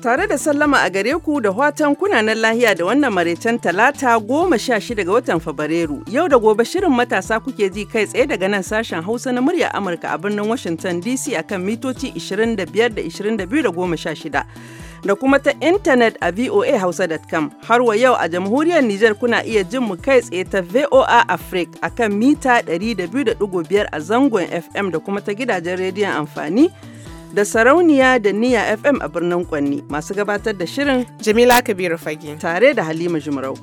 Tare da sallama a gare ku da watan kunanan lahiya da wannan maraicen talata goma sha shida ga watan Fabrairu. Yau da gobe shirin matasa kuke ji kai tsaye daga nan sashen Hausa na murya Amurka a birnin Washington DC akan mitoci 25 da 22 da goma sha shida. Da kuma ta intanet a voahausa.com har wa yau a jamhuriyar Nijar kuna iya jin mu kai tsaye ta VOA Africa akan mita 200.5 a zangon FM da kuma ta gidajen rediyon amfani. da sarauniya da niya FM a birnin Kwanni masu gabatar da shirin Jamila Kabiru Fage tare da Halima Jumrau.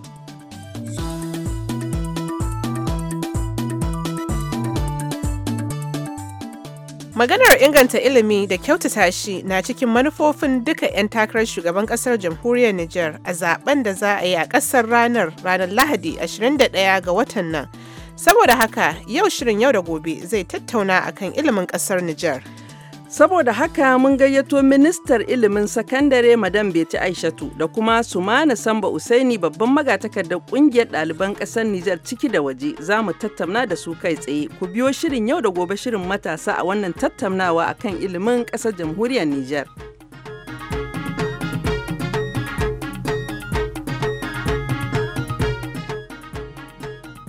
Maganar inganta ilimi da kyautata shi na cikin manufofin duka 'yan takarar shugaban kasar jamhuriyar Nijar a zaben da za a yi a kasar ranar ranar Lahadi 21 ga watan nan. Saboda haka yau shirin yau da gobe zai tattauna akan ilimin kasar Nijar. Saboda haka mun gayyato ministar ilimin sakandare Madam Beti Aishatu da kuma Sumana Samba Usaini babban magatakardar kungiyar ɗaliban ƙasar Nijar ciki da waje za mu tattauna da su kai tsaye. Ku biyo shirin yau da gobe shirin matasa a wannan tattaunawa akan ilimin ƙasar jamhuriyar Nijar.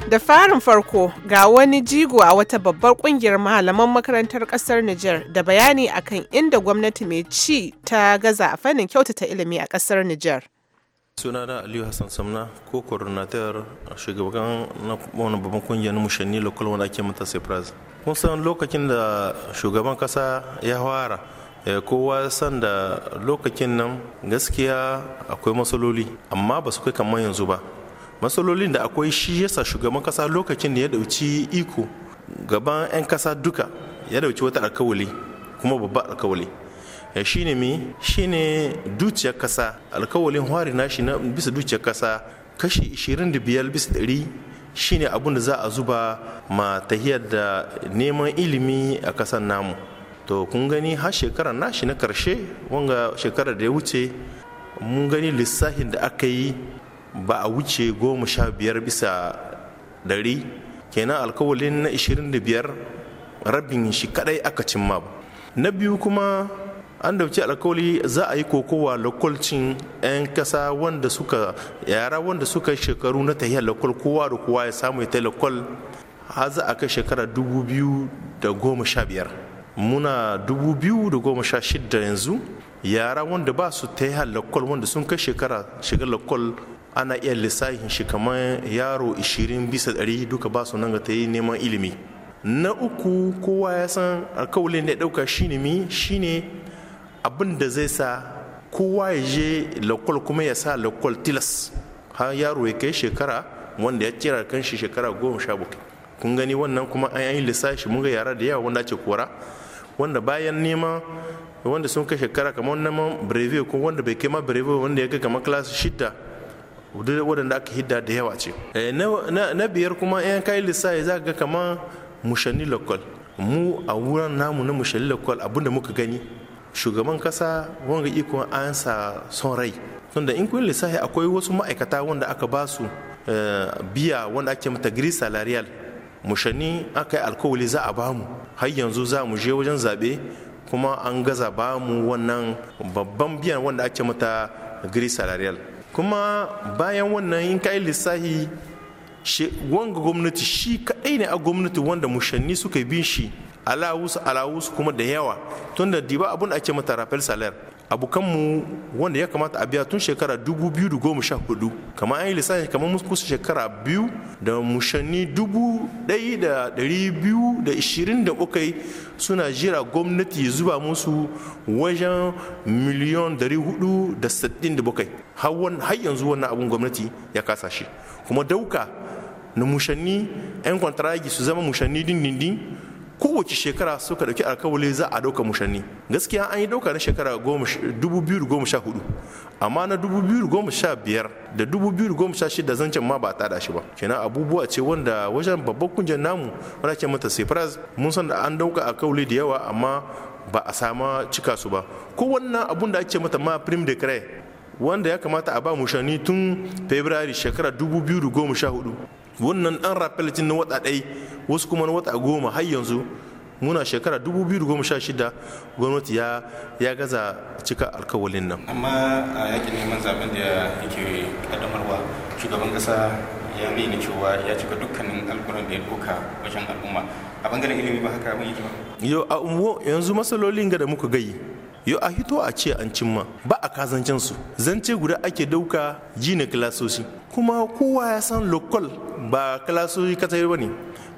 Da farin farko ga wani jigo a wata babbar kungiyar malaman makarantar kasar Nijar da bayani akan inda gwamnati mai ci ta gaza a fannin kyautata ilimi a kasar Nijar. sunana aliyu hassan samna ko coordinator shugaban na wani babban kungiyar mushanni local wanda ake mata surprise kun san lokacin da shugaban kasa ya fara eh, kowa san da lokacin nan gaskiya akwai matsaloli amma ba su kai kamar yanzu ba matsalolin da akwai shi yasa shugaban kasa lokacin da ya dauci iko gaban 'yan kasa duka ya dauci wata alkawali kuma babba alkawali ya ne mi ne dukiyar kasa alkawalin hwari nashi na bisa dukiyar kasa kashi 25 bisa 100 shine abun da za a zuba ma tahiyar da neman ilimi a kasan namu to kun gani har na nashi na karshe wanga shekarar da ya wuce mun gani lissafin da aka yi ba a wuce goma sha biyar bisa dari. kenan alkawalin na 25 rabin shi kadai aka cimma ba na biyu kuma an dauki alkawali za a yi kokowa lokacin 'yan kasa wanda suka yara wanda suka yi shekaru na tahiyar lokal kowa da kowa ya samu ya ta har za a kai shekara dubu biyu da goma sha biyar. muna dubu biyu da goma sha shidda yanzu yara wanda ba su tahiyar lokol wanda sun kai shekara shiga lokal ana iya lissafin shi kamar yaro 20 bisa 100 duka ba su nan ga ta yi neman ilimi na uku kowa ya san alkawalin da ya ɗauka shine mi shine abin da zai sa kowa ya je lakwal kuma ya sa lakwal tilas har yaro ya kai shekara wanda ya kira kan shi shekara goma sha bakwai kun gani wannan kuma an yi lissafi mun ga yara da yawa wanda ake kora wanda bayan nema wanda sun kai shekara kamar wannan brevi ko wanda bai kai ma brevi wanda ya kai kamar class shida waɗanda aka hidda da yawa ce eh, na biyar kuma yan kai lissafi za ga kamar mushani lokal mu a wurin namu na mushani lokal abinda muka gani shugaban kasa wanga ikon an sa son rai tunda in kun lissafi akwai wasu ma'aikata wanda aka ba su eh, biya wanda ake mata gris salarial mushani aka yi alkawali za a bamu har yanzu za mu je wajen zaɓe kuma an gaza bamu wannan babban biyan wanda ake mata gris salarial kuma bayan wannan in ka yi lissahi wanga gwamnati shi kaɗai ne a gwamnati wanda mushanni suka bin shi alawus alawus kuma da yawa tunda diba abun da ake mata rafel salar abokanmu wanda ya kamata a biya tun shekara 2014 kamar an yi lissafi kamar mun kusa shekara biyu da mushanni 1,223 suna jira gwamnati zuba musu wajen miliyan 467 har yanzu wannan abun gwamnati ya kasa shi kuma dauka na mushanni 'yan kwantaragi su zama mushanni dindindin kowace shekara suka dauki alkawali za a dauka mushanni gaskiya an yi dauka na shekara 2014 amma na 2015 da 2016 zancen ma ba tada shi ba kenan abubuwa ce wanda wajen babban kunjan namu wanda ke mata sefras mun san da an dauka alkawali da yawa amma ba a sama cika su ba ko wannan abun da ake mata ma prim de wanda ya kamata a ba mushani tun february shekara 2014 wannan an rappel na wata ɗai wasu kuma na wata goma har yanzu muna shekara 2016 gwamnati ya ya gaza cika alkawalin nan amma a yakin neman zaben da yake kaddamarwa shugaban kasa ya bayyana cewa ya cika dukkanin alkuran da ya doka wajen al'umma a bangaren ilimi ba haka abin yake ba yo a umwo yanzu masalolin ga da muka gayi yo a hito a ce an cimma ba a kazancen su zance guda ake dauka jina kilasosi kuma kowa ya san lokal ba kalasu kata yi ne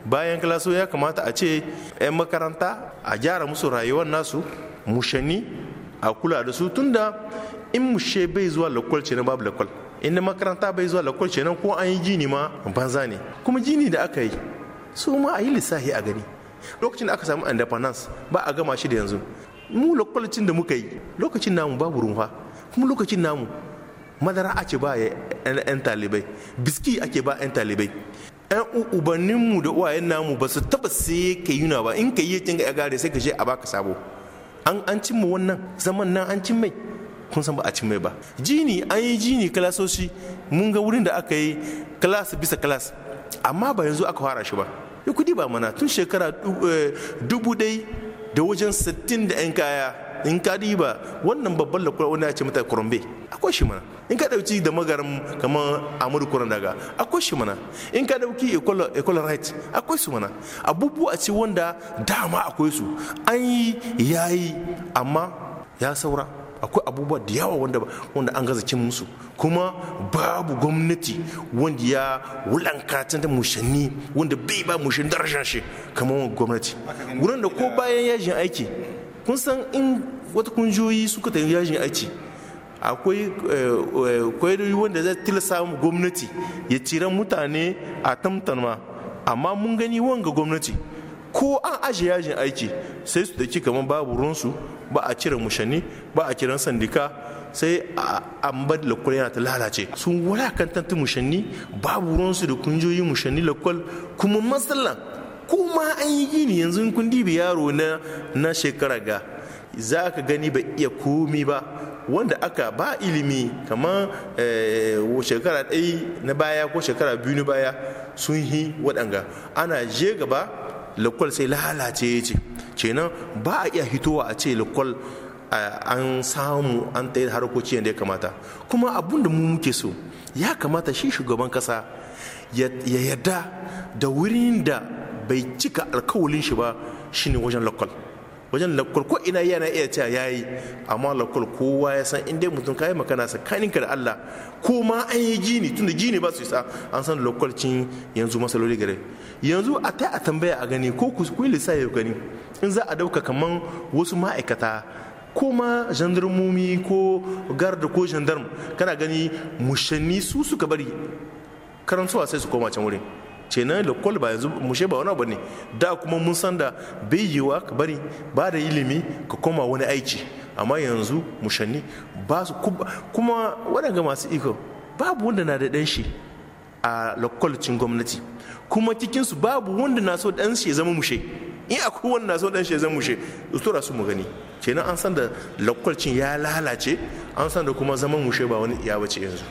bayan kalasu ya kamata a ce 'yan makaranta a gyara musu rayuwar nasu mushani a kula da su tunda in mushe bai zuwa lakwal ce na babu lakwal inda makaranta bai zuwa lakwal ce ko an yi gini ma banza ne kuma gini da aka yi su ma a yi lissahi a gani lokacin da aka samu independence ba a gama shi da yanzu mu lokacin da muka yi lokacin namu babu rumfa kuma lokacin namu madara ake ba yan talibai biski ake ba yan talibai yan ubaninmu da uwayen namu ba su taba sai ka yi ba in ka yi yakin ya gare sai ka je a baka sabo an an cimma wannan zaman nan an cin kun san ba a cin ba jini an yi jini kalasoshi mun ga wurin da aka yi kalas bisa kalas amma ba yanzu aka fara shi ba ya kudi ba mana tun shekara eh, dubu dai da wajen sittin da 'yan kaya in ka diba wannan babban lakura wani ya ce mata kurumbe akwai shi mana in ka dauki da magarin kamar amur kuran daga akwai shi mana in ka dauki equal right akwai su mana abubuwa ce wanda dama akwai su an yi yayi amma ya saura akwai abubuwa da yawa wanda, wanda an gaza cin musu kuma babu gwamnati wanda ya wulankatan da mushanni wanda bai ba mushanni darajar shi kamar gwamnati wurin da ko bayan yajin aiki kun san in wata kunjoyi suka tafi yajin aiki akwai eh, eh, kwayoyi wanda zai tilasa gwamnati ya cire mutane a tamtarma amma mun gani wanga gwamnati ko an aje yajin aiki sai su daki kamar babu ruwansu ba a cire mushani ba a kiran sandika sai an bar lakwal yana ta lalace sun ta mushanni babu ruwansu da kunjoyi mushanni lakwal kuma matsala, kuma an yi gini yanzu kundi, dibi yaro na shekara ga za ka gani ba iya komi ba wanda aka ba ilimi kamar eh, shekara ɗaya na baya ko shekara biyu na baya sun yi waɗanga ana je gaba lakwal sai lalace ce kenan ba a iya hitowa a ce lakwal eh, an samu an ta harkoki yadda ya kamata kuma abun da mu muke so ya kamata shi shugaban kasa ya yarda da wurin da bai cika alkawalin shi ba shine wajen lakwal wajen lakkul ko ina yana iya cewa yayi amma lakkul kowa ya san inda mutum kayi makana tsakaninka da Allah ko ma an yi jini tunda jini ba su isa an san cin yanzu masaloli gare yanzu a ta a tambaya a gani ko ku lissa ya gani in za a dauka kaman wasu ma'aikata ko ma gendarmomi ko garda ko gendarm kana gani mushanni su suka bari karantsuwa sai su koma can wurin kenan lokol ba yanzu mushe ba wani abu ne da kuma mun san da bai wa ka bari ba da ilimi ka koma wani aiki amma yanzu mushanni ba su kuma waɗanda masu iko babu wanda na da ɗanshi a lokacin gwamnati kuma cikinsu babu wanda na so ɗanshi shi ya zama mushe in akwai wanda na so ɗanshi shi ya zama mushe tura su mu gani kenan an san da lokacin ya lalace an san da kuma zaman mushe ba wani iya bace yanzu.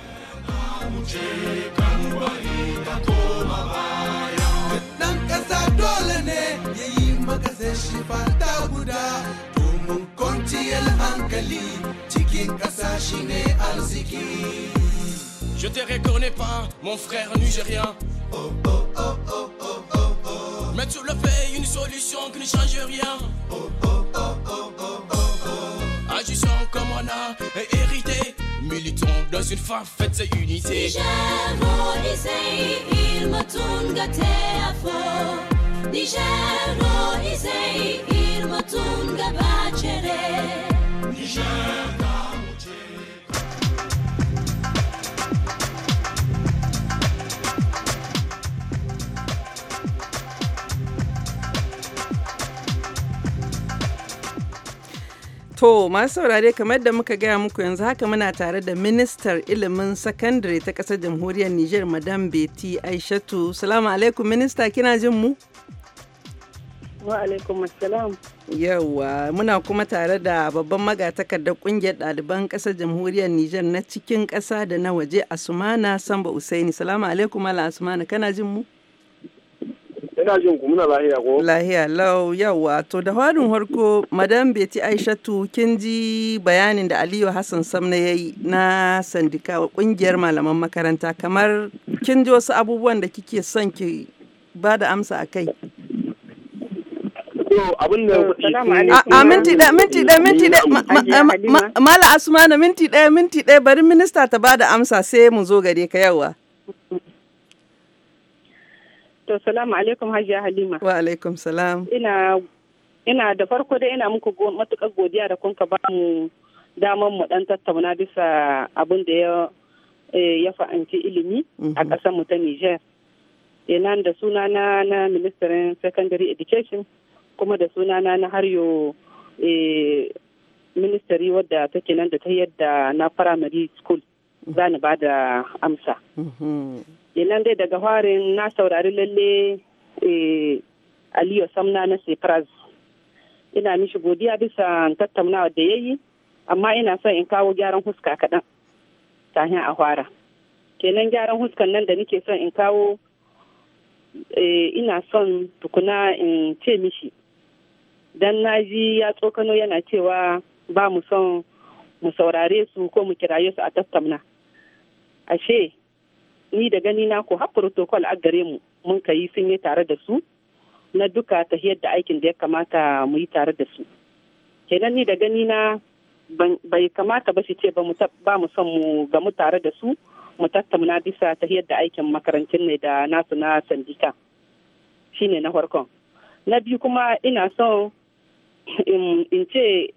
zai shi fata guda domin kwanciyar hankali cikin ƙasa shi ne arziki. Je te reconnais pas, mon frère nigérien. Oh, oh, oh, oh, oh, oh, oh. Mettre le fais, une solution qui ne change rien. Oh, oh, oh, oh, oh, oh, oh. Agissons comme on a hérité. Militons dans une fin faite, et unité. Niger, Moïse, il m'a gâté à fond. To masu saurare kamar da muka gaya muku yanzu haka muna tare da ministar ilimin sakandare ta ƙasar jamhuriyar Nijar Madam Beti Aishatu. Salamu alaikum minista kina jin mu? Yawwa muna kuma tare da babban magatakardar kungiyar ɗaliban ƙasar jamhuriyar Nijar na cikin ƙasa da na waje Asumana Samba Usaini. Salamu alaikum ala Asumana kana jin mu? Ina jin ku muna lahiya ko? Lahiya lau yawwa to da farin harko madam Beti Aishatu kin ji bayanin da Aliyu Hassan Samna ya yi na sandika kungiyar malaman makaranta kamar kin ji wasu abubuwan da kike son ki ba da amsa a kai. abin minti ɗaya minti ɗaya minti ɗaya mala asmana minti ɗaya minti ɗaya bari minista ta bada amsa sai mu zo gare ka yawa to salamu alaikum hajiya halima wa alaikum salam ina ina da farko dai ina muku matukar godiya da kunka ba mu damar mu dan tattauna bisa abin da ya eh, ya fa'anci ilimi a mhm. ƙasar mu ta Niger. Ina eh, da suna na na Ministan Secondary Education kuma da sunana na haryo eh, ministry wadda take nan da ta yadda na primary school za ni ba da amsa. Mhm. Kenan dai daga harin na saurari lalle eh, Aliyu Samna na Sefraz. Ina mishi godiya bisa tattaunawa da ya yi, amma ina son in kawo gyaran huska kaɗan tahin a hwara. Kenan gyaran huskan nan da nike son in kawo eh, ina son tukuna in ce mishi. Idan na ji ya tsokano yana cewa ba mu son mu saurare su ko mu kiraye su a tattauna ashe ni da gani na ko har protocol a gare mu mun kai sun yi tare da su na duka ta da aikin da ya kamata mu yi tare da su kenan ni da gani na bai kamata ba shi ce ba mu son mu ga mu tare da su mu tattauna bisa ta da aikin makarantun ne da nasu na sandika shine na farkon na biyu kuma ina son in ce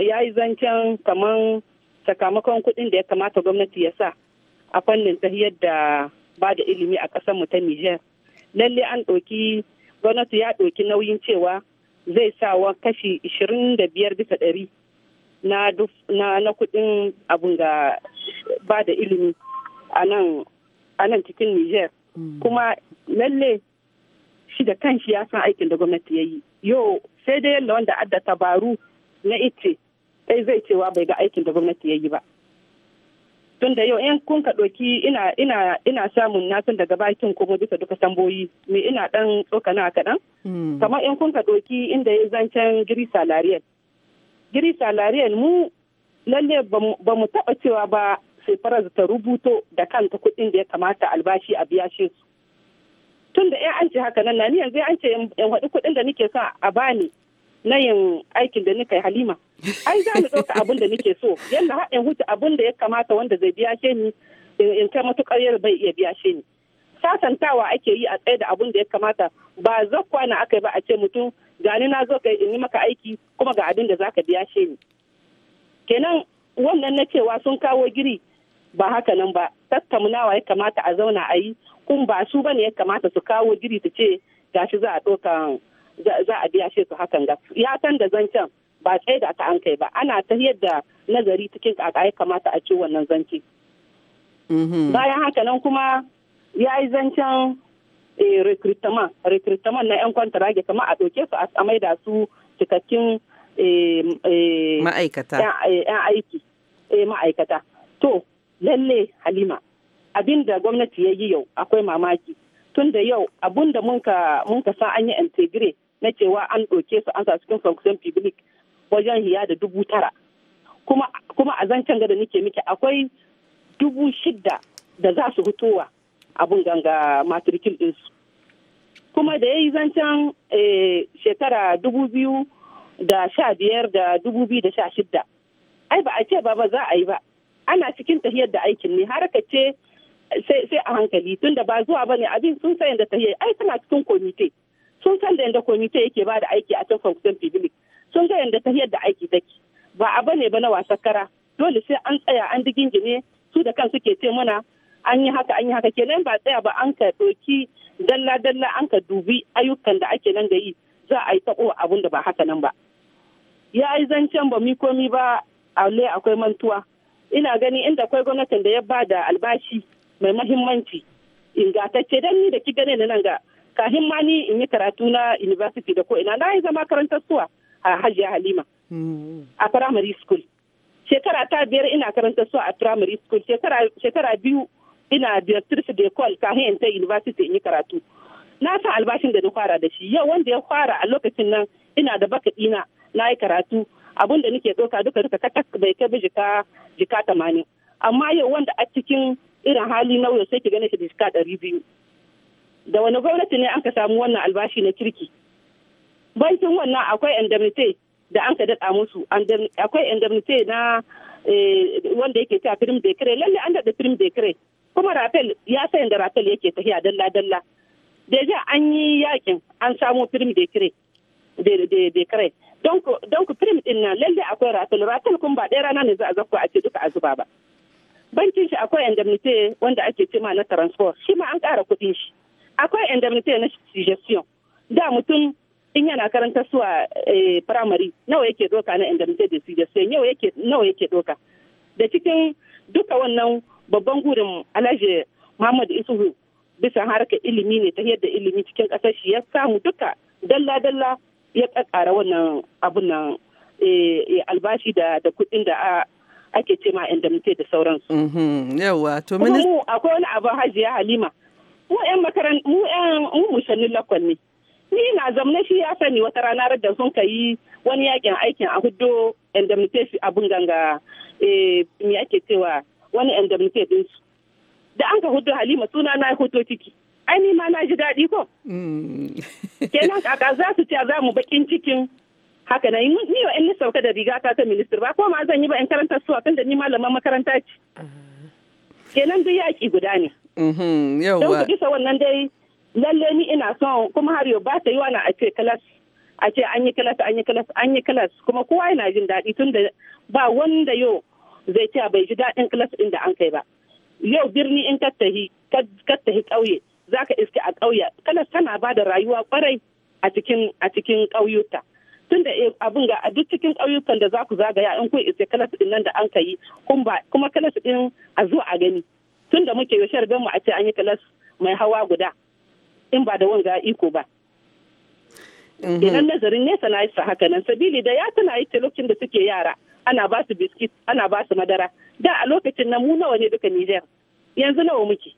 ya yi zancen kamar sakamakon kuɗin da ya kamata gwamnati ya sa a fannin ta da ba da ilimi a kasar mu ta Nijar. Lalle an ɗauki gwamnati ya ɗauki nauyin cewa zai sa wa kashi 25 bisa ɗari na kudin kuɗin ga ba da ilimi a nan cikin Nijar. Hmm. Kuma lalle shi da kanshi ya san aikin da gwamnati ya yi. Yau sai dai yalla wanda adda tabaru na ice sai zai cewa bai ga aikin da gwamnati ya yi ba tun da yau in kun ka ɗauki ina samun na daga bakin kuma bisa duka tamboyi me ina ɗan tsokana kaɗan hmm. kamar in kun ka ɗauki inda ya zancen giri salariyar giri salariyar mu lalle ba mu taɓa cewa ba sai ta rubuto da kanta kuɗin da ya kamata albashi a biya shi tun da an ce haka nan na ni yanzu an ce in haɗu kuɗin da nake sa a bani na yin aikin da nika halima ai za mu ɗauka abin da nake so yadda har in huta abin da ya kamata wanda zai biya she ni in kai matuƙar yar bai iya biya she ni sasantawa ake yi a tsaye da abin da ya kamata ba zakwa na aka ba a ce mutum gani na zo kai in yi maka aiki kuma ga abin da za ka biya she ni kenan wannan na cewa sun kawo giri ba haka nan ba Tattamunawa ya kamata a zauna a yi kun ba su bane ya kamata su kawo jiri su ce gashi za a za a biya shi su hakan ga ya san da zancen ba tsaye da aka an kai ba ana ta yadda nazari cikin kaka ya kamata a ci wannan zance. Mhm. Bayan haka nan kuma ya yi zancen eh, recruitment rekrutaman na 'yan kwantarage kamar a ɗauke su a da su cikakkin 'yan eh, eh, aiki ma'aikata to lalle halima abin da gwamnati ya yi yau akwai mamaki tun da yau abun da mun ka sa an yi integre na cewa an ɗauke su an sa cikin function public wajen hiya da dubu tara kuma a zancen gada nake miki akwai dubu shidda da za su hutowa abin ganga matrikil ɗinsu kuma da ya yi zancen eh, shekara dubu biyu da sha biyar da dubu biyu da sha shidda ai ba a ce ba ba za a yi ba ana cikin tahiyar da aikin ne har ka ce sai a hankali tunda ba zuwa bane abin sun san yadda ta yi ai tana cikin komite sun san da yadda komite yake ba da aiki a cikin fonction public sun ga yadda ta yadda aiki take ba a bane ba na wasa kara dole sai an tsaya an digingine su da kan suke ce mana an yi haka an yi haka kenan ba tsaya ba an ka ɗauki dalla dalla an ka dubi ayyukan da ake nan yi za a yi taɓo abun da ba haka nan ba ya yi zancen ba mi komi ba a akwai mantuwa ina gani inda akwai gwamnatin da ya ba da albashi mai mahimmanci ingantacce don ni da ki gane na nan ga kafin ma ni in yi karatu na university da ko ina na yi zama karantar suwa a hajiya halima mm. a primary school shekara ta biyar ina karantar suwa a primary school shekara biyu ina directrice de col kafin in ta university in yi karatu na san albashin da na fara da shi yau wanda ya fara a lokacin nan ina da baka ɗina na yi karatu abun da nake ɗauka duka duka kakas bai kai jika jika tamanin amma yau wanda a cikin irin hali nauyi sai ki gane shi diska ɗari biyu da wani gwamnati ne an ka samu wannan albashi na kirki bankin wannan akwai indemnity da an ka daɗa musu akwai indemnity na eh, wanda yake cewa prim kire lalle an daɗa prim kire. kuma rafel ya sayan da rafel yake tafiya dalla dalla ya an yi yakin an samu firim decree kire don ku prim din nan lalle akwai rafel rafel kuma ba ɗaya rana ne za a zakko a ce duka a zuba ba bankin shi akwai indemnity wanda ake cima na transport shi ma an kara kuɗin shi akwai indemnity na suggestion da mutum in yana karanta suwa eh, primary nawa yake doka na indemnity da suggestion yau yake nawa yake doka da cikin duka wannan babban gurin alhaji muhammad isuhu bisa harkar ilimi ne ta yadda ilimi cikin ƙasar shi ya samu duka dalla-dalla ya ƙaƙara wannan abun nan eh, eh, albashi da kuɗin da ake ce ma indemnity da sauransu. Mhm. Yawa to mini. Mu akwai wani abu hajiya Halima. Mu 'yan makaran mu 'yan musannin lakon ne. Ni na zamna shi ya sani wata rana da sun ka yi wani yakin aikin a hudo indemnity abun ganga eh, me ake cewa wani indemnity din su. Da an ka hudo Halima suna na hoto ciki. Ai ni ma na ji daɗi ko. Mm. Kenan kaka za su ce za mu bakin cikin haka na ni wa in sauka da riga ta ta minister ba ko ma zan yi ba in karanta su kan da ni malaman makaranta ce kenan duk yaki guda ne mhm, don ku bisa wannan dai lalle ni ina son kuma har yau ba ta yi wani a ce kalas a ce an yi kalas an yi kalas an yi kalas kuma kowa yana jin daɗi tun da ba wanda yau zai ce bai ji daɗin kalas ɗin da an kai ba yau birni in kattahi kattahi ƙauye zaka iske a ƙauye kalas tana ba da rayuwa kwarai a cikin a cikin tun da eh, abin ga a duk cikin ƙauyukan da za ku zagaya in kun isa kalas ɗin nan da an ka yi kuma kalas ɗin a zo a gani tun da muke yaushe mu a ce an yi kalas mai hawa guda in ba da wanga iko ba. Mhm. Idan nazarin nesa na isa haka nan sabili da ya tana yi lokacin da suke yara ana ba su biskit ana ba su madara da a lokacin nan mu nawa ne duka Nijar yanzu nawa muke.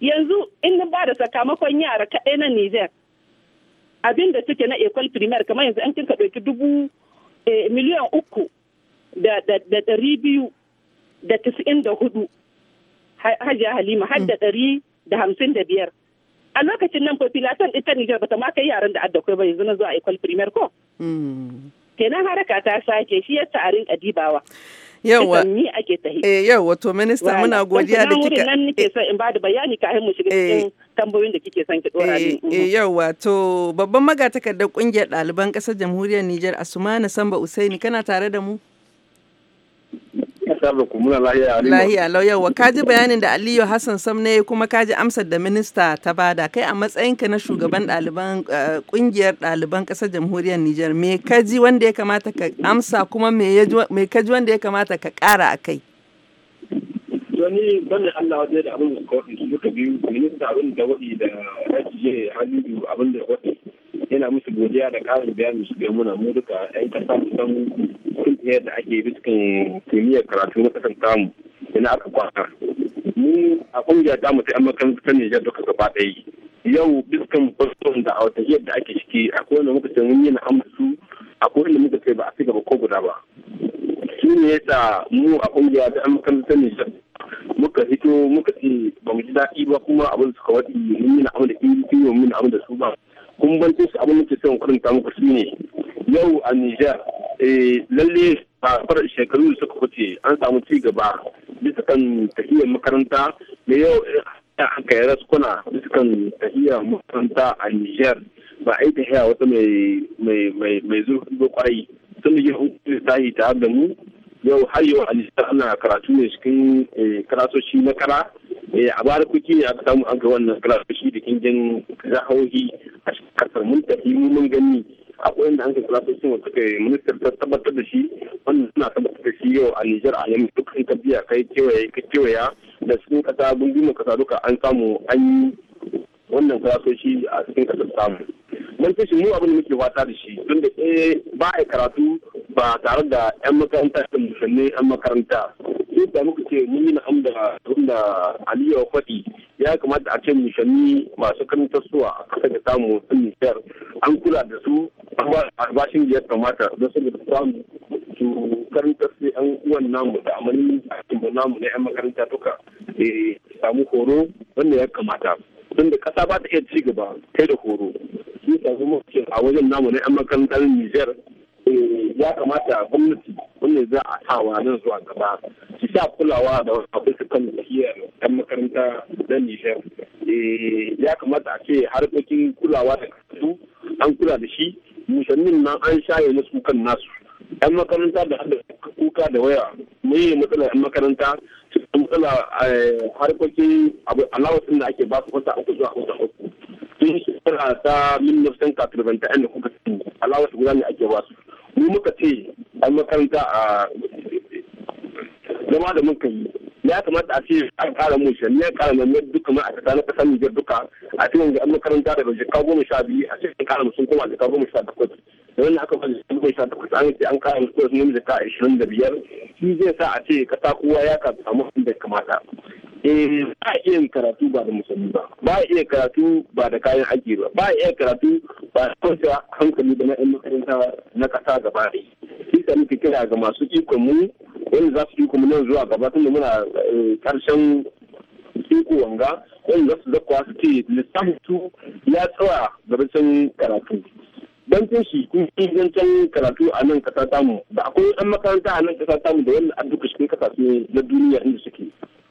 Yanzu in ba da sakamakon yara kaɗai na Nijar abin da suke na ecole primaire kamar yanzu an kinka ɗauki dubu eh, miliyan uku da ɗari biyu da tis'in da hudu hajiya halima har da mm. ɗari da hamsin da biyar a lokacin nan ko filatan ita Nijar bata ma kai yaran da adda kai ba yanzu na zuwa ecole primaire ko mm. kenan haraka ta sake shi yasa a rinka yawa ni ake eh yawa to minista muna godiya da kika nan nake son in bada bayani ka mu shiga eh. cikin tambayoyin da kike son ki dora ni eh, eh mhm. yawa to babban magatakardar kungiyar ɗaliban ƙasar jamhuriyar Nijar Asumani Samba Usaini kana tare da mu kasar da kumuna lahiya aliyu lahiya lauyawa kaji bayanin da aliyu hassan sam ne kuma kaji amsar da minista ta bada kai a matsayinka na shugaban ɗaliban kungiyar eh, ɗaliban ƙasar jamhuriyar niger me kaji wanda ya kamata ka amsa kuma me kaji wanda ya kamata ka ƙara a kai wani bane Allah wajen da abin da suka waɗi suka biyu minista abin da waɗi da ajiye halilu abin da waɗi ina musu godiya da karin bayani su ga muna mu duka yan kasa mu san kun da ake cikin kimiyyar karatu na kasan tamu ina aka kwana mu a kungiyar tamu ta yan makarantar Nijar duka gaba ɗaya yau biskan boston da a da ake ciki akwai wanda muka mun yi na amsu akwai wanda muka kai ba a cigaba ko guda ba shi ne yasa mu a kungiya ta yan makarantar Nijar muka hito muka ce ba mu ji daɗi ba kuma abin suka waɗi mun yi na da in mun yi na da su ba kun ban su abin da ke son karanta muku shi ne yau a Nijar eh, lalle a fara shekaru da suka wuce an samu ci gaba bisa kan tafiyar makaranta da yau eh, aka yi raskuna bisa kan tafiyar makaranta a Nijar ba a yi tafiya wata mai zurfin bakwai sun da yin tahi tare da mu yau har yau a Nijar ana karatu ne cikin eh, karatoci na kara a bara kuki ne aka samu an ga wannan karatoci da jin jahohi kasar mun tafi mun gani akwai inda an ka kula sun wata kai ministan ta tabbatar da shi wanda suna tabbatar da shi yau a Nijar a yamma duk kai kewaye ka kewaya da sun kasa gungumin kasa duka an samu an yi wannan karasoshi a cikin kasar samu mun fi mu abin da muke fata da shi tun da eh ba a karatu ba tare da yan makaranta da musulmi yan makaranta sai da muka ce mun yi na'am da tun da Aliyu Kwadi ya kamata a ce mishanni masu karanta suwa a kasar da samu sun nishiyar an kula da su albashin da ya kamata don su da samu su karanta su yan uwan namu da amani a cikin namu na yan makaranta duka eh, samu horo wanda ya kamata don da kasa ba ta iya ci gaba kai da horo sun samu a wajen namu na yan makarantar Nijar ya kamata gwamnati wanda za a sawa nan zuwa gaba su sa kulawa da wasu su kan lafiyar yan makaranta da nishar ya kamata a ce harkokin kulawa da kasu an kula da shi musannin nan an shaye musu kan nasu yan makaranta da hada kuka da waya ne matsala yan makaranta su matsala harkokin alawacin da ake ba su wata uku zuwa wata uku sun shekara ta min nufsan kafin da kuka alawasin guda ne ake ba su mu muka ce an makaranta a zama da muka yi ya kamata a ce an kara mu shi ya kara nan duka ma a kasa na kasa Niger duka a yanzu an makaranta daga jikka goma sha biyu a ce an kara mu sun koma jikka goma sha takwas da wannan aka fara jikka goma sha takwas an ce an kara mu sun jikka ashirin da biyar shi zai sa a ce kasa kowa ya samu inda kamata Eh, ba a iya karatu ba da musulmi ba ba iya karatu ba da kayan aiki ba ba iya karatu ba da kwanciya hankali da na'in makaranta na kasa gaba da shi da muke kira ga masu ikon mu wanda za su iko mu nan zuwa gaba da muna karshen eh, iko wanga wanda za su zakwa su ce lissafin ya tsawa ga rashin karatu ban kun shi kun zancen karatu a nan kasa tamu da akwai yan makaranta a nan kasa tamu da wanda an duka cikin ne na duniya inda suke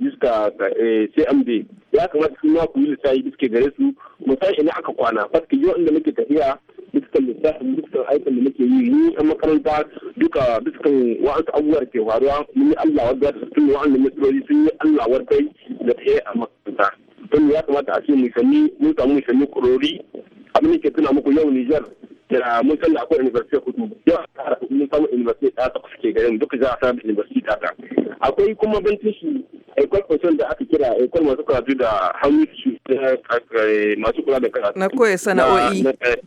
bisa eh, cmd ya kamata su ma ku yi lissafi iske gare su musashi ne aka kwana fatka yau inda muke tafiya dukkan lissafin dukkan aikin da muke yi ni a makaranta duka dukkan wa'ansu abubuwa ke faruwa mun yi allah wadda da sun yi wa'annan matsaloli sun yi allah wadda da ta a makaranta don ya kamata a ce mu sami mun samu mu sami kurori abin da ke tuna muku yau nijar da mun san da akwai university kudu yau mun samu university ɗaya ta kusa ke garin duka za a samu university ɗaya akwai kuma bantin shi ekol person da aka kira ekol eh, masu karatu da hannu eh, masu kula da karatu. Na koya sana'o'i. Eh.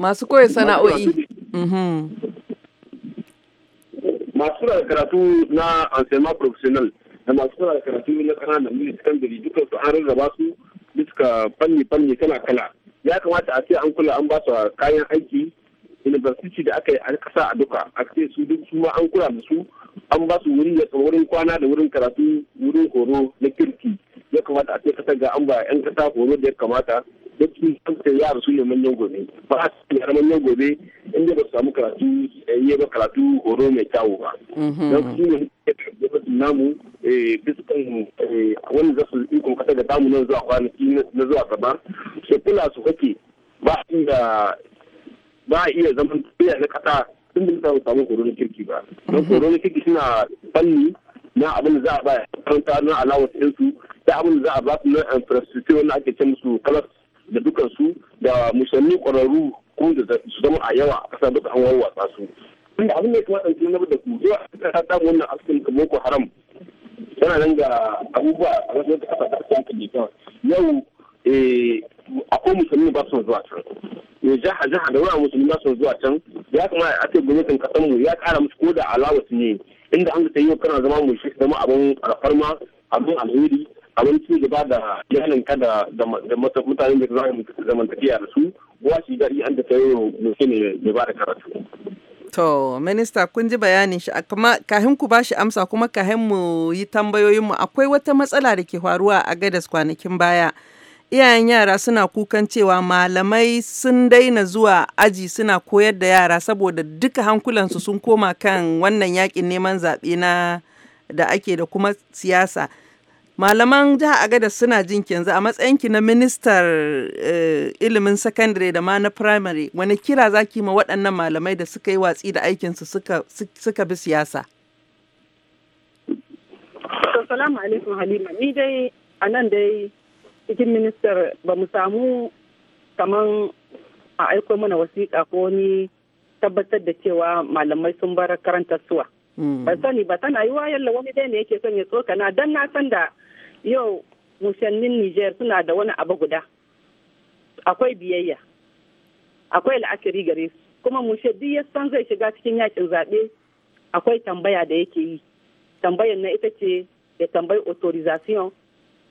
Masu koya sana'o'i. Mm-hmm. Masu kula da karatu na enseignement professionnel da masu kula da karatu na ƙananan mini secondary dukkan su an rarraba su bisa fanni-fanni kala-kala. Ya kamata a ce an kula an ba su kayan aiki university da aka yi a kasa a duka a ce su duk su an kula da su an ba su wuri da wurin kwana da wurin karatu wurin horo na kirki ya kamata a ce kasar ga an ba 'yan kasa horo da ya kamata da su kanta yara su ne manyan gobe ba a su yara manyan gobe inda ba su samu karatu eh, ya ba karatu horo mai kyawu ba mhm. don su ne eh, eh, su namu biskan wani su iko kasa da damu nan zuwa kwanaki na zuwa gaba shekula su kake ba a iya zaman tafiya na kasa sun bin tsawon samun horo na kirki ba don horo na kirki suna fanni na abin da za a ba karanta na alawar ɗinsu da abin da za a ba su na infrastructure wanda ake ce musu kalas da su da musulmi ƙwararru ko da su zama a yawa a ƙasa duka an wawwatsa su inda abin da ya kamata in na da ku zuwa a ta samu wannan asibitin ka ko haram yana nan ga abubuwa a wasu ƙasa ta kawai yau eh, akwai musulmi ba su zuwa can ya jaha jaha da wani musulmi ba su zuwa can ya kamata a ce gwamnatin kasan mu ya kara musu koda alawas ne inda an ta yi kana zama mu shi zama abin alfarma abin alheri abin ci gaba da yanin ka da mutanen da za zamantakiya da su buwa shi daɗi an da ta yi shi ne ba da karatu. To, minista kun ji bayanin shi, kuma kahin ku shi amsa kuma kahin mu yi tambayoyin akwai wata matsala da ke faruwa a Gadas kwanakin baya. iyayen yara suna kukan cewa malamai sun daina zuwa aji suna koyar da yara saboda duka hankulansu sun koma kan wannan yakin neman zaɓe na da ake da kuma siyasa malaman a agada suna jin yanzu a matsayinki na ministar uh, ilimin sakandare da ma na primary wani kira za ki ma waɗannan malamai da suka yi watsi da aikinsu suka, suka bi siyasa salamu alaikum halima ni dai a nan dai cikin ministar ba mu samu kaman a aiko mana wasiƙa ko ni tabbatar da cewa malamai sun bar karanta suwa. Hmm. Ban sani ba tana yi yalla wani dai ne yake son ya tsokana dan na san da yau musannin Nijar suna da wani abu guda. Akwai biyayya, akwai la'akari gare su, kuma duk ya san zai shiga cikin yakin zaɓe akwai tambaya da yake yi. Tambayar na ita ce ya tambayi authorization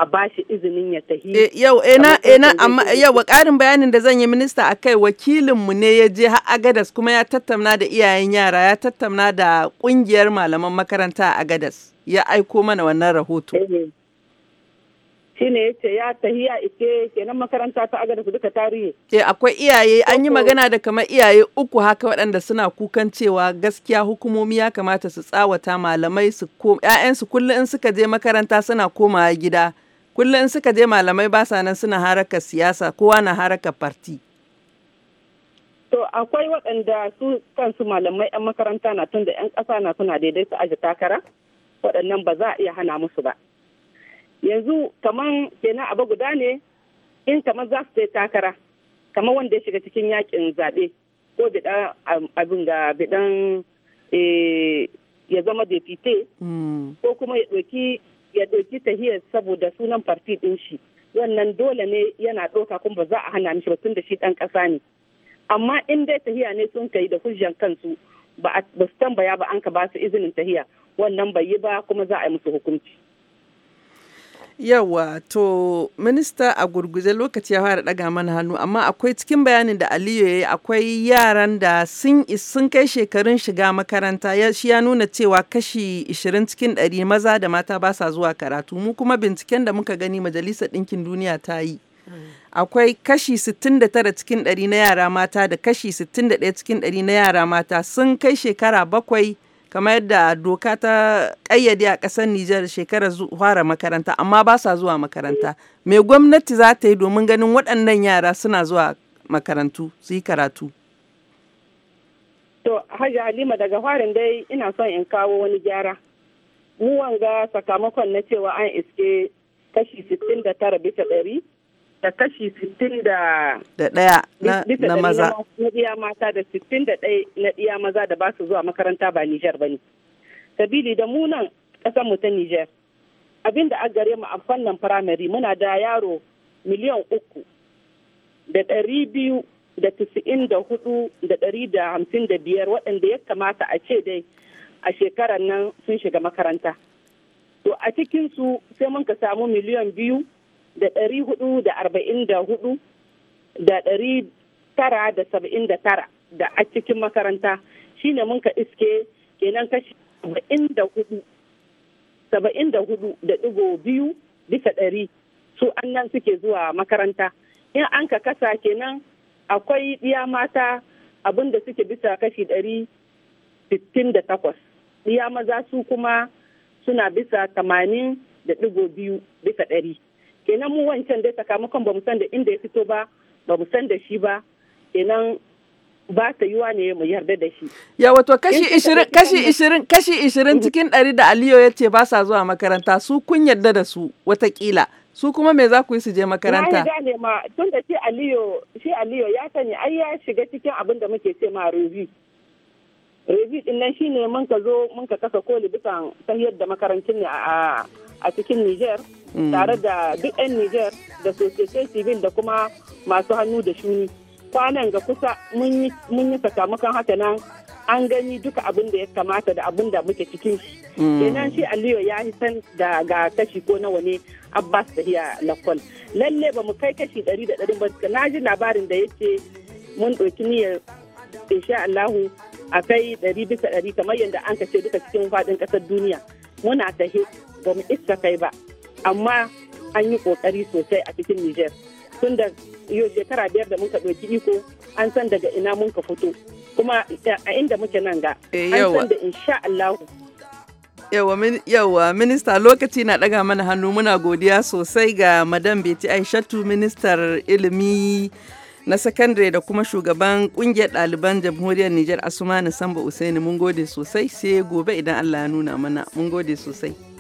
a shi izinin ya eh, eh, eh, tafi. Yau, ena, ena, amma yau, ƙarin bayanin da zan yi minista a kai wakilinmu ne ya je har Agadas kuma ya tattauna da iyayen yara, ya tattauna da ƙungiyar malaman makaranta a Agadas, ya aiko mana wannan rahoto. Shi ne ya ce ya ike kenan makaranta ta Agadas duka tarihi. Eh, akwai iyaye, an yi magana da kamar iyaye uku haka waɗanda suna kukan cewa gaskiya hukumomi ya kamata su tsawata malamai su ko 'ya'yansu kullum in suka je makaranta suna komawa gida. kullum suka je malamai ba sa nan suna haraka siyasa kowa na haraka farti to akwai waɗanda su kansu malamai 'yan makaranta na tun da 'yan ƙasa na suna daidai su aji takara waɗannan ba za a iya hana musu ba yanzu kaman kenan abu guda ne in kamar za su takara kamar wanda ya shiga cikin yakin zaɓe ko biɗa abin ga bidan eh, ya zama depute hmm. ko kuma ya ɗauki ya ɗauki tahiyar saboda sunan farti ɗin shi wannan dole ne yana ɗauka kuma ba za a hana mishi ba tun da shi ɗan ƙasa ne amma in dai tahiya ne sun kai da hujjan kansu ba su tambaya ba an ka ba su izinin tahiya wannan bai yi ba kuma za a yi musu hukunci Yawa to minista a gurguje lokaci ya fara daga mana hannu amma akwai cikin bayanin da Aliyu ya yi akwai yaran da sun kai shekarun shiga makaranta ya shi ya nuna cewa kashi 20 cikin 100 maza da mata ba sa zuwa karatu mu kuma binciken da muka gani majalisar ɗinkin duniya ta yi. akwai kashi 69 cikin 100 na yara mata da kashi 61 cikin 100 na yara mata sun kai shekara bakwai kamar yadda doka ta ƙayyade a ƙasar Nijar shekarar fara makaranta amma ba sa zuwa makaranta. Me gwamnati za ta yi domin ganin waɗannan yara suna zuwa makarantu su yi karatu? To, Hajji Halima daga farin dai ina son in kawo wani gyara. Mu wanga sakamakon na cewa an iske kashi 69 bisa ɗari da kashi sittin da daya na maza na ɗiya mata da 61 na ɗiya maza da ba su zuwa makaranta ba Nijar ba ne. Sabili da munan ƙasar mu ta Nijar. Abin da an gare mu a fannin firamare muna da yaro miliyan uku da ɗari biyu da tisa'in da hudu da ɗari da hamsin da biyar waɗanda ya kamata a ce dai a shekarar nan sun shiga makaranta. To a cikinsu sai mun ka samu miliyan biyu da ɗari hudu da arba'in da hudu da ɗari tara da saba'in da tara da a cikin makaranta shine mun ka iske kenan kashi saba'in da hudu saba'in da hudu da ɗigo biyu bisa ɗari su an nan suke zuwa makaranta in an ka kasa kenan akwai ɗiya mata abin da suke bisa kashi ɗari sittin da takwas ɗiya maza su kuma suna bisa tamanin da ɗigo biyu bisa ɗari kenan mu wancan dai sakamakon ba mu san da inda ya fito ba ba mu san da shi ba kenan ba ta yiwa ne mu yarda da shi ya wato kashi ishirin kashi ishirin kashi mm-hmm. ishirin cikin ɗari da aliyo ya ce ba sa zuwa makaranta su kun yarda da su watakila su kuma me za ku yi su je makaranta na gane ma tun da shi aliyo shi aliyo ya sani ai ya shiga cikin abin da muke ce ma review review din nan shine mun ka zo mun ka kasa koli bisan tahiyar da makarantun ne a cikin Niger tare da duk 'yan Nijar da sosai civil da kuma masu hannu da shuni. Kwanan ga kusa mun yi sakamakon haka nan an gani duka abin da ya kamata da abin da muke cikin shi. Mm. Kenan shi Aliyu ya yi san da ga kashi ko nawa ne Abbas da iya lakwal. Lalle ba mu kai kashi ɗari da ɗari ba na ji labarin da yake mun ɗauki niyyar insha Allahu a kai ɗari bisa ɗari kamar yadda an kace duka cikin faɗin ƙasar duniya. Muna tahe ba mu isa kai ba. amma an yi kokari sosai a cikin niger tun da yau shekara biyar da muka ɗauki iko an san daga ina mun ka fito kuma a inda muke nan ga eh, an san da insha Allah Yawwa minista lokaci na ɗaga mana hannu muna godiya sosai ga madam Beti Aishatu ministar ilimi na sakandare da kuma shugaban ƙungiyar ɗaliban jamhuriyar Nijar Asumani Samba Usaini mun gode sosai sai gobe idan Allah ya nuna mana mun gode sosai.